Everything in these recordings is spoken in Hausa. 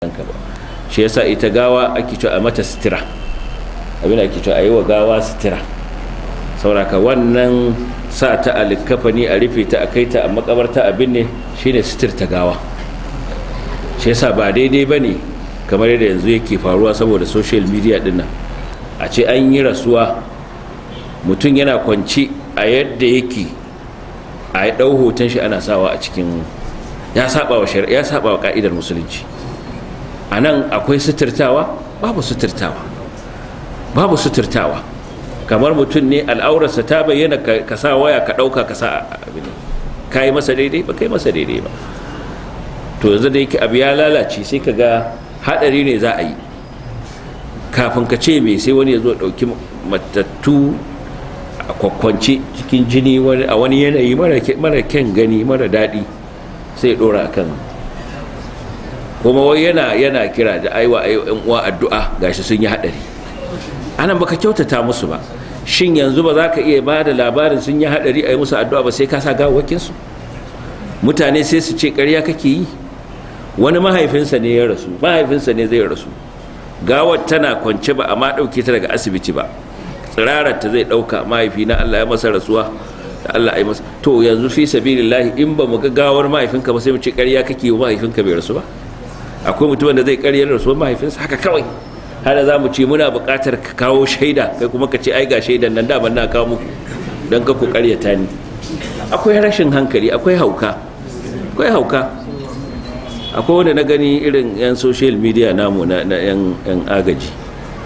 kanka ba shi yasa ita gawa ake cewa a mata sitira abin ake cewa a yi wa gawa sitira sauraka wannan sa ta alikafani a rufe ta a kai ta a makabarta abin ne shine sitir ta gawa shi yasa ba daidai ba ne kamar yadda yanzu yake faruwa saboda social media dinnan a ce an yi rasuwa mutum yana kwanci a yadda yake a yi ɗau hoton shi ana sawa a cikin ya saba wa ka'idar musulunci a nan akwai suturtawa babu suturtawa babu suturtawa kamar mutum ne al'aurarsa ta bayyana ka sa waya ka ɗauka ka sa abin ka masa daidai ba ka masa daidai ba to yanzu da yake abu ya lalace sai ka ga haɗari ne za a yi kafin ka ce mai sai wani ya zo ɗauki matattu a kwakwance cikin jini a wani yanayi mara kyan gani mara daɗi sai ya ɗora akan kuma wai yana yana kira da aiwa yan uwa addu'a gashi sun yi hadari anan baka kyautata musu ba shin yanzu ba za ka iya ba da labarin sun yi hadari a yi musu addu'a ba sai ka sa gawakin su mutane sai su ce ƙarya kake yi wani mahaifinsa ne ya rasu mahaifinsa ne zai rasu gawar tana kwance ba amma dauke ta daga asibiti ba tsirarar ta zai dauka mahaifi na Allah ya masa rasuwa da Allah ya masa to yanzu fi sabilillah in ba mu ga gawar mahaifinka ba sai mu ce ƙarya kake yi mahaifinka bai rasu ba akwai mutumin da zai karyar rasuwar mahaifinsa haka kawai har za mu ce muna bukatar ka kawo shaida kai kuma ka ce ai ga shaidan nan daman na kawo muku don ka ku karyata ni akwai rashin hankali akwai hauka akwai hauka akwai wanda na gani irin yan social media namu na yan agaji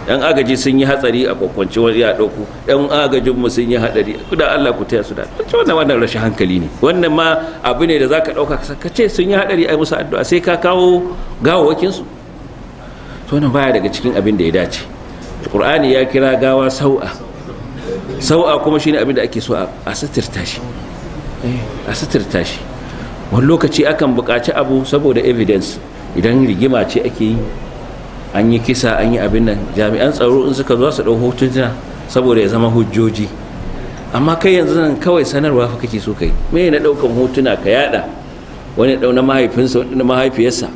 yan agaji sun yi hatsari a kwakwanci wani ya ɗauku yan agajin mu sun yi hatsari da Allah ku taya su da wannan wannan rashin hankali ne wannan ma abu ne da zaka ɗauka ka ce sun yi hatsari ai musu addu'a sai ka kawo gawawakin su to baya daga cikin abin da ya dace Qur'ani ya kira gawa sau'a sau'a kuma shine abin da ake so a sitirta shi eh, a sitirta shi wani lokaci akan buƙaci abu saboda evidence idan rigima ce ake yi an yi kisa an yi abin nan jami'an tsaro in suka zo su ɗau hotuna saboda ya zama hujjoji amma kai yanzu nan kawai sanarwa fa kake so kai me na ɗaukan hotuna ka yada wani ɗau na mahaifinsa wani na mahaifiyarsa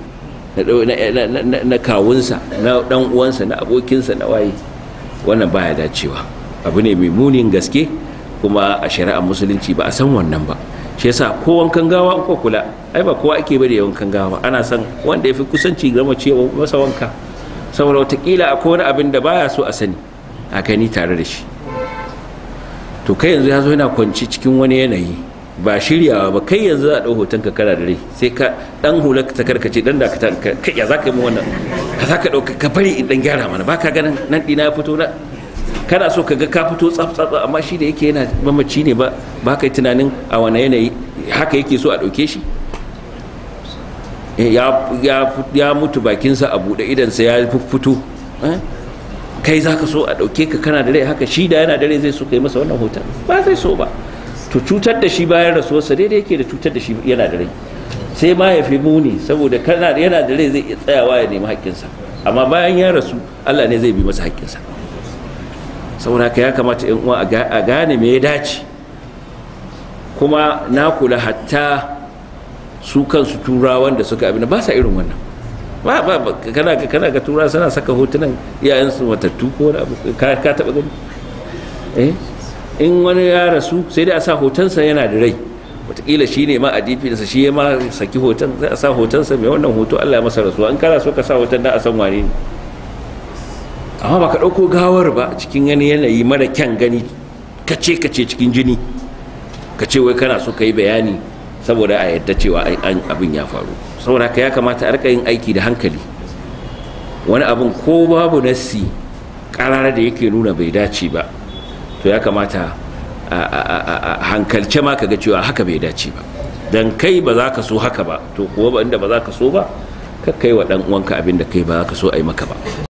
na kawunsa na ɗan uwansa na abokinsa na waye wannan baya dacewa abu ne mai munin gaske kuma a shari'ar musulunci ba a san wannan ba shi yasa ko wankan gawa ko kula ai ba kowa ake bari wankan gawa ana san wanda ya fi kusanci gama cewa masa wanka saboda watakila akwai wani abin da baya so a sani a kai ni tare da shi to kai yanzu ya zo yana kwanci cikin wani yanayi ba shiryawa ba kai yanzu za a hoton ka da rai sai ka ɗan hula ka karkace ɗan da ka ta kai ya za ka yi mu wannan ka za ka ka bari in ɗan gyara mana ba ka ganin nan ɗina ya fito na kana so ka ga ka fito tsaf tsaf amma shi da yake yana mamaci ne ba ba ka yi tunanin a wani yanayi haka yake so a ɗauke shi ya mutu bakinsa a buɗe idansa ya fito eh? kai za ka so a ɗauke ka kana da rai haka shi da yana da rai zai so ka yi masa wannan hoton ba zai so ba to cutar da shi bayan rasuwarsa daidai yake da cutar da shi yana da rai sai ma ya fi muni saboda kana yana da rai zai tsayawa ya nemi haƙƙinsa amma bayan ya rasu Allah ne zai bi masa haƙƙinsa saboda haka ya kamata yan uwa a gane me ya dace kuma na kula hatta su kansu turawan da suka abin ba sa irin wannan ba ba kana ka kana ga turawa suna saka hotunan iyayen su matattu ko wani abu ka ka taba gani eh in wani ya rasu sai dai a sa hotonsa yana da rai wataƙila shi ne ma a dpnsa shi ya ma saki hoton sai a sa hotonsa mai wannan hoto allah ya masa rasuwa in kana so ka sa hoton da a san wane ne amma ba ka ɗauko gawar ba cikin wani yanayi mara kyan gani kace kace cikin jini ka ce wai kana so ka yi bayani saboda a yadda cewa abin ya faru saboda haka ya kamata a rika yin aiki da hankali wani abin ko babu nassi karara da yake nuna bai dace ba to ya kamata a hankalce ma kaga cewa haka bai dace ba dan kai ba za ka so haka ba to kuwa ba inda ba za ka so ba ka kai wa dan uwanka abin da kai ba za ka so a yi maka ba